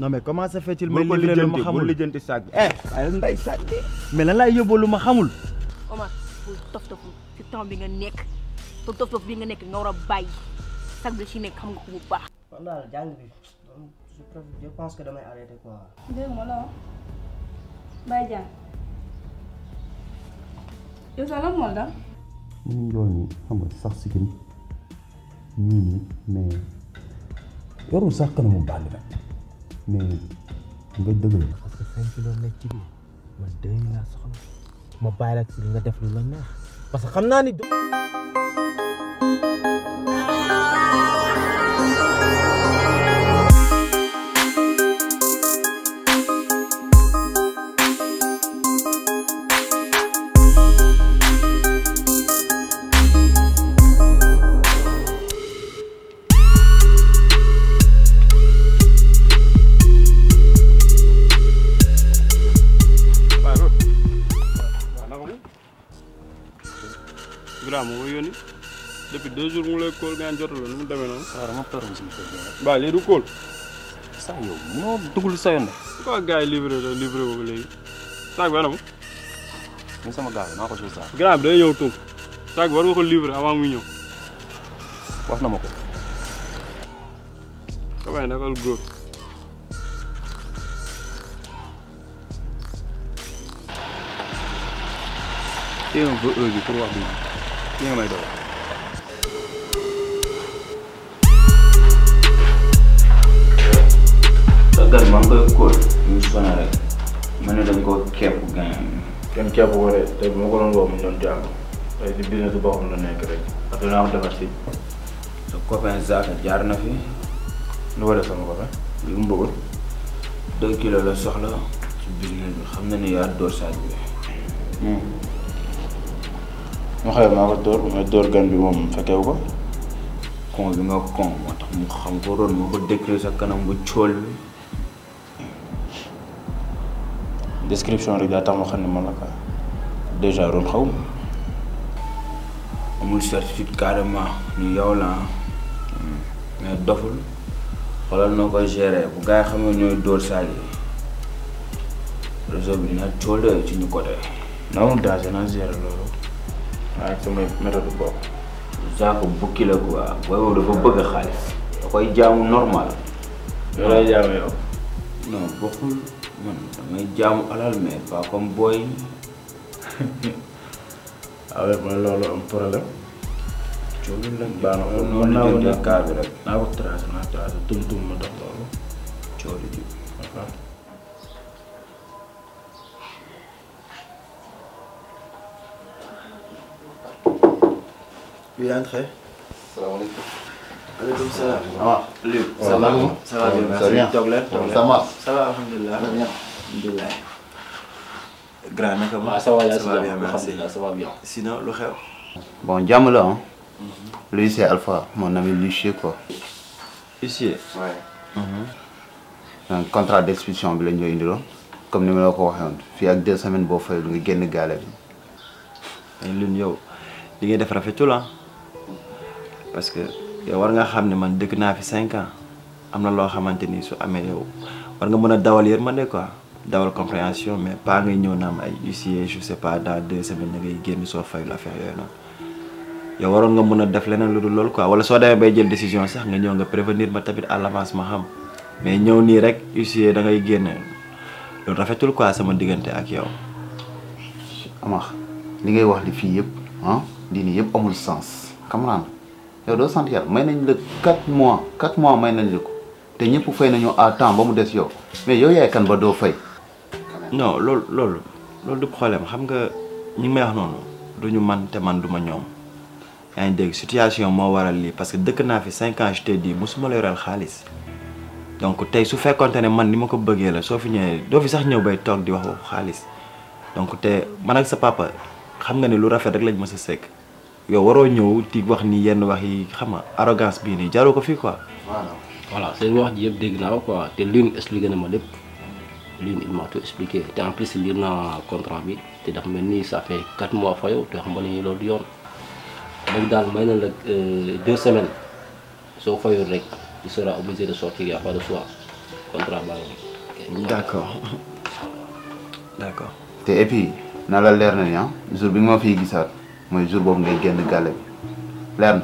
non mais comment ça fait-il may livré lu ma xamul lijjanti saag eh, mais lan laay yóbboo lu ma xamul Omar tof tof ci temps bi nga nekk tof bi nga nekk nga war a bàyyi saag bi ci nekk xam nga ko bu baax kon daal jàng bi je pense que damay arrêté quoi la bàyyi jàng yow sax lan moo njool ñi xam nga sax sikkin ñu ni mais yorul sax kanamu bàndi mais nga dëgg la. parce que cinq kilos nekk ci biir man deux laa soxla ma bàyyi la nga def lu la neex parce que xam naa ni. yaa ma ko yónni depuis deux jours mu lay kóol nga jotuloo nu mu demee noonu. waaw ah, dama toroon suñu kër gi. waaw lii du kóol. dugul sa yoon de. su ko gars yi livré la livré ko ba léegi saag bi anam. sama gars bi maa ko suul saag. grand bi day ñëw tuum saag bi war nga ko livré avant muy ñëw. wax na ma ko. kabay nakal góor. téye ma ba heure bi किया ना इधर अगर मंगल को यूज़ करना है मैंने तुमको क्या पुकारा क्या क्या पुकारे तेरे मुकुल को मिलने जाओ ऐसे बिजनेस तो बहुत मिलने के लिए अब तो नाम तो मस्ती तो कौन है जाग जार ना फिर नोवर ऐसा मुकुल है बोल दो किलो ला सकला बिजनेस हमने यार दो साल हुए हम्म ma xewee maa ko dóor mais dóor gan bi moom fekkewu ko kon bi nga kon moo tax mu xam ko doon moo ko décrire sa kanam bu cool bi description rek daa tax ma xam ne man la déjà doon xaw ma amul certitude carrément ñu yow la mais doful xoolal noo koy gérer bu gaa yi xam ne dóor saa yi réseau bi dina cool ci ñu côté. na amul danger naa gérer loolu. no no no no no no no no no no no no normal no no no no no man no no alal mais pas comme no no no no am problème no no no no no no no no no no no no no no Oui, entrez. Salam alaikum. salam. ça va Ça va bien, Ça va bien. Ça va, bien. Ça va bien, ça va bien, bien. Sinon, le Bon, hein. mhm. Lui, c'est Alpha, mon ami quoi. ici Ouais. Mhm. contrat d'expulsion comme nous l'avons semaines beau il parce que yow war nga xamné man dëkk na fi 5 ans amna lo xamanteni su amé yow war nga mën a dawal yërmande quoi dawal compréhension mais pa ngay ñëw na am ay huissier je sais pas dans deux semaines ngay génn soo fayul affaire yoy noonu yow waroon nga mëna def lénen lu dul loolu quoi wala so dañ bay jël décision sax nga ñëw nga prévenir ma tabit à l'avance ma xam mais ñëw ni rek huissier da ngay génn loolu rafetul quoi sama digënté ak yow amax li ngay wax li fi yépp ah di ni yépp amul sens xam naa yow do sante may 4 mois 4 mois may nañ te fay temps mais kan ba non lol lol du problème xam nga ñi may wax non duñu man té man duma situation mo waral parce que dëkk fi 5 ans je t'ai dit musuma lay donc tay su ne man ko bëggé la so fi ñëw do fi sax ñëw bay donc te man ak papa lu rafet rek lañ sec. yow waroo ñëw ti wax ni yenn wax yi xam nga arrogance bii nii jaru ko fii quoi. voilà seen wax ji yëpp dégg naa ko quoi te Lune expliqué na ma lépp Lune il m'a tout expliqué te en plus lire bi te dafa mel ni ça fait mois fa yow te xam nga ni loolu yoon. daal may na la euh, deux semaines soo fayul rek tu seras obligé de sortir y a de choix contrat baa ngi. d' accord d' te et puis na la leer na ni ah bi nga ma fiy gisaat. moy jour boobu ngay génn gàlle bi leer na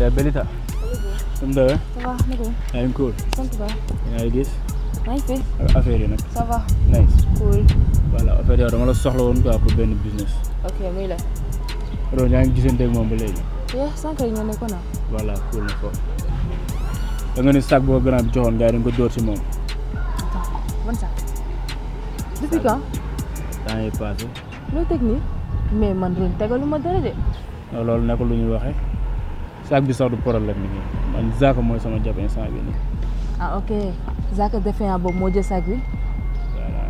Ya Belita. Comme ça. Ça va, Nico. I'm cool. Ça Nice. Affaire nak. Ça va. Nice. Cool. voilà en fait dama la soxla woon quoi pour benn business. ok muy la. loolu yaa ngi gisante ak moom ba léegi. yow eh, sànq rek ñu nekkoon naa. voilà cool na foofu. da nga ne sac boo grand bi joxoon gars yi dañ ko moom. ban sac. depuis quand. temps yii passé. loo mais man doon tegaluma dara de. non loolu nekkul lu ñuy waxee. sac bi sax du problème man Zaka mooy sama jàpp instant bi nii. ah ok Zaka defee naa boobu moo jël sac bi.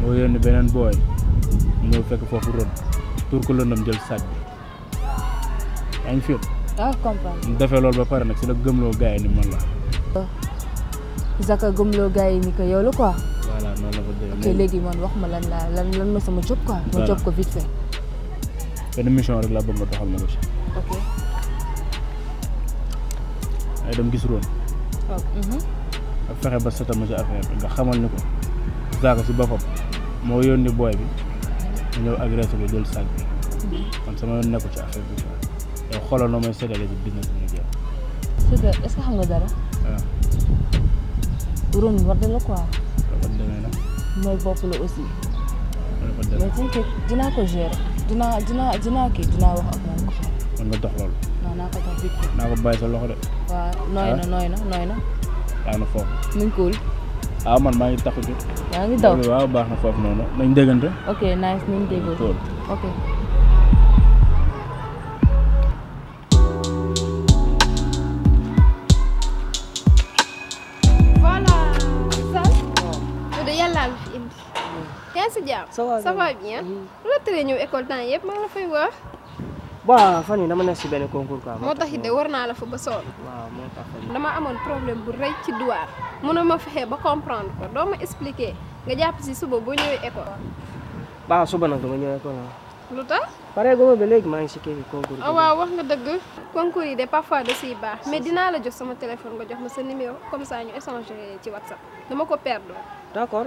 moo yónni beneen booy ñëw fekk foofu ron tuur ko lëndam jël sac bi yaa ngi ah, mu ah defee loolu ba pare nag si la gëmloo gars yi ni man la Zaka gëmloo gars yi ni ko yow la quoi voilà noonu la ko dégg léegi man wax ma lan laa lan lan ma sama job quoi ma job ko vite fait mission rek laa bëgg nga doxal ma ko si ok ay dem gis roon mhm. ak fexe ba setal ma si affaire bi nga xamal ni ko Zaka si boppam moo yónni booy bi mu ñëw agressé ko jël sac bi man sama yoon nekku ci affaire bi quoi xoolal noo may séddale ci business bi ñu jël. Siteu est-ce que xam nga dara. waaw. ron war la quoi. dafa demee nag. mooy bopp la aussi. dafa demee mais suñ ko dinaa ko gérer dinaa dinaa dinaa kii dinaa wax ak moom. mën nga dox loolu. non naa ko dox vite. naa ko bàyyi sa loxo de. waaw nooy na nooy na nooy na. daanu foofu. nuñ kuul. ah man maa ngi tax a jóg. ngi daw waaw baax na foofu noonu nañ déggante. ok nice nañ déggoo. cool ok. voilà. ça waaw de yalla la fi indi. yaa ngi ça va bien ça va lu la tëree école temps yépp ma la fay wax. waaw fan yii dama nekk si benn concours moo tax it de war naa la fa ba sonn. dama amoon problème bu rëy ci duwaar a ma fexe ba comprendre ko doo expliquer nga jàpp si suba boo ñëwee école. waaw suba nag dama ñëw école lu tax. pare goma léegi maa ngi si kii bi concours yi. Ah, dëgg. concours yi de parfois baax. mais dinaa la jox sama téléphone nga jox ma sa numéro comme ça ñu échanger ci WhatsApp dama ko perdre. d' accord.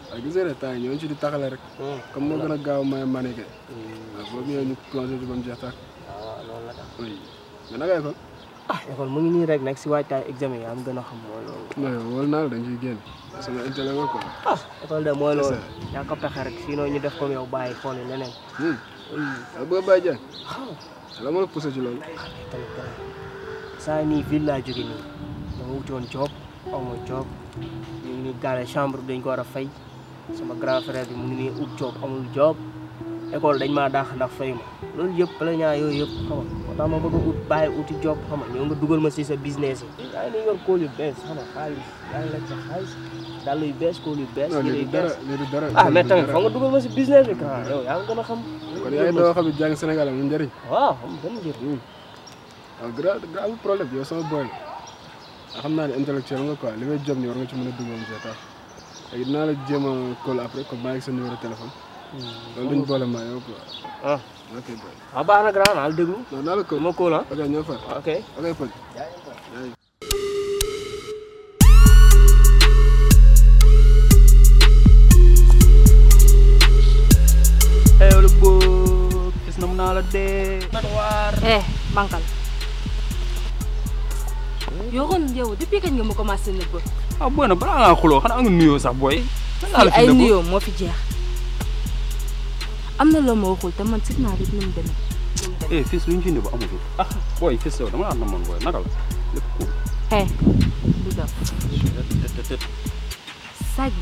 ak gis nga temps ñoo ci di taxale rek hmm. comme moo gën gaaw may manike boo hmm. ñëwee ñu plongé ci ba mu jeex tàkk ah, loolu la oui ah kon mu ngi nii rek nag si waajtaay examen yi am gën xam mooy loolu mais wol naa dañ ciy génn sama intérêt nga ah école ko rek ñu def yow leneen hmm. Ah, la poussé ci ah, dama job job ñu chambre dañ ko fay sama grand frère mu ngi nii ut job amul job école dañ maa daax ndax fay ma loolu yëpp la ñaa yooyu yëpp xam nga moo tax ma bëgg a ut job xam nga ñoo dugal ma si business yi yaa ngi yor yaa ah, nga dugal ma si business bi grand yow yaa ngi gën a xam kon yaa ngi doon xam ne waaw am benn njëriñ hmm. waaw grave grave problème sama boy la xam naa intellectuel nga quoi li ngay job ni war nga ci mën a dugal mu seetaan léegi dinaa la jéem a call après comme maa ngi sa numéro téléphone. Oke duñ boole maa yow quoi. ah ok bon. ah baax Oke. grand Oke. Oke. déglu. non naa la call ma call ah. ok ñoo fa. ok ok Pod. Hello, Bo. Gis eh, bankal. yow kon yow depuis kañ nga ma commencé nëbb. ah booy na balaa ngaa xuloo xanaa nga nuyoo sax booy. fii ay nuyoo moo fi jeex. am na loo ma waxul te man sit naa rek ni mu demee. eh fils lu ñu fi indi ba amatul ah booy fils yow dama la na moon booy naka la lépp eh, ko. eh du dof. saag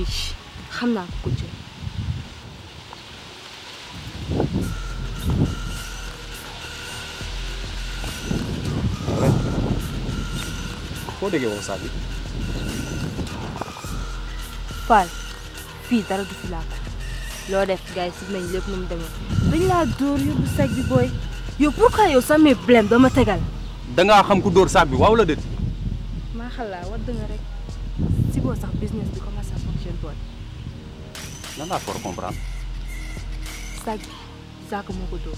foo déggee wax sànni. Fall fii dañ laa dóor yóbbu sac bi booy yow pourquoi yow dama segal da xam ku dóor sac bi waaw la déet. maa xalaa wadd nga rek si boo sax business bi commencé à fonctionner booy. nan laa ko war a comprendre. sac bi sac moo ko dóor.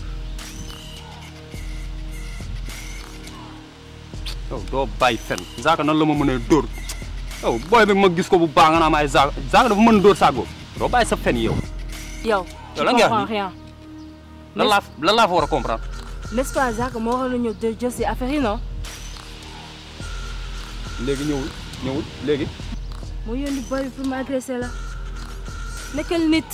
yow faire bàyyi fen la ma mënee dóor je booy bi ma gis ko bu baax nga naa ma dafa mën Je Sago je comprends rien lan laa lan comprendre. nest pas Zak, moo a de affaire yi non. Il ñëwul ñëwul léegi. moo yónni booy bi pour ma agressé la nekkal nit.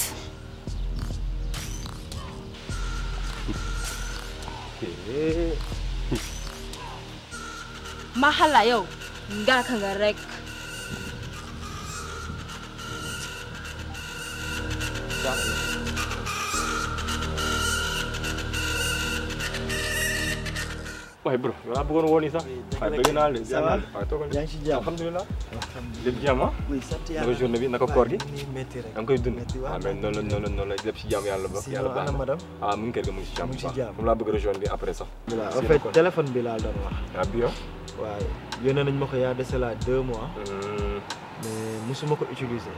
Mahal lah yau enggak akan rek Ouais bro, kenapa bukan nous sah? ça. Ah ben là, les ça va. Alhamdulillah. Les jam hein. Oui, ça tient. Ah mais non non non non Ah mungkin ngi kër ga mu ngi Kamu Diam. Mu la bëgg rejoindre bi après ça. ya? Oui, je nañ ma deux mois. Hmm. mais je ko utiliser.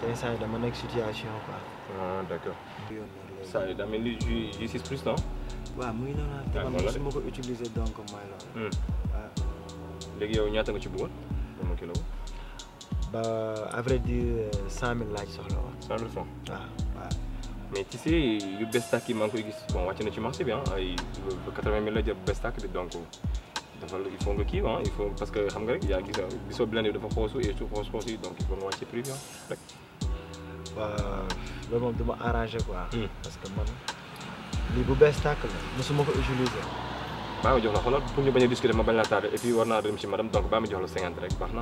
pas hmm. saa C'est dama nekk situation quoi. ah d'accord ça saa yi Mais plus non. waaw ah, utiliser donc mooy loolu. Hmm. Ah. léegi yow à vrai dire mille laaj soxla woon. mille ah, mais tu sais yu bestak yi bon na ci ay donc. dafa il faut nga kii ah il faut parce que xam nga rek yaa gis gisoo bilan bi dafa xoosu yi donc il faut nga wàcce prix rek. loolu moom du ma arrangé hmm. parce que man lii bu bees tàkk la mosuma ko utiliser. baa ma jox la xoolal pour ñu bañ a discuter ma bañ laa tardé et puis war naa dem ci madame donc baa ma jox la cinquante rek baax na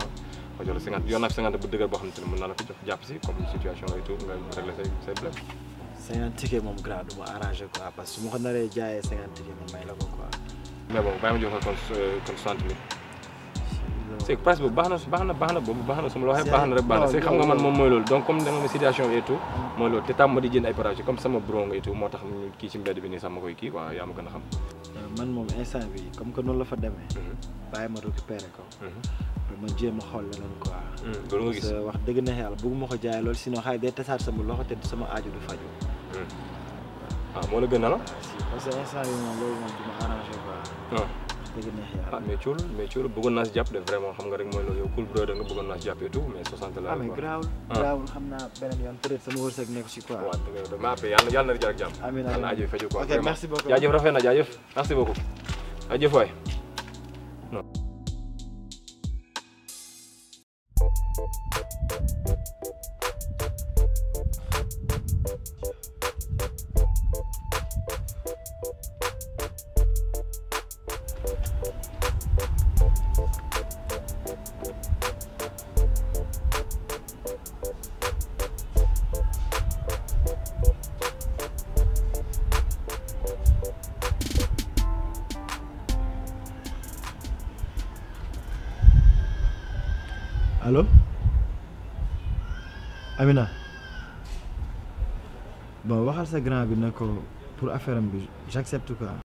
ma jox la cinquante yoon naa fi cinquante bu dëgër boo xam te ne mën naa la ko jox jàpp si comme situation lay tuut nga réglé say say cinquante ticket moom grand du ma arrangé quoi parce que su ma ko naree jaayee cinquante ticket moom may la ko quoi. mais bon ko kon kon baax na baax na baax na boobu baax na su ma la moom mooy loolu donc comme danga ma situation et tout mm. mooy te tàmm sama brongo euh, que noonu la mm-hmm. mm-hmm. a xool leneen mm, dëgg na yàlla bëgguma ko jaay loolu du faju ah moo la gën a ah? la. parce que instant yii moom loolu moom du ma arrangé quoi. Ah. dëgg neex yàlla ah mais Thiol mais Thiol bëggoon naa si jàpp de vraiment xam nga rek mooy loolu yow cool brother nga bëggoon naa si jàpp et tout mais la. ah mais garaawul ah. garaawul xam naa beneen yoon peut être sama wërsëg nekk si quoi. waaw dëgg la mais na la jar ak jàmm. amiin amiin yàlla jaajëf rafet jaajëf merci beaucoup jaajëf waay. Amina bon waxal sa grand bi ne ko pour affaire am bi j'accepte quoi.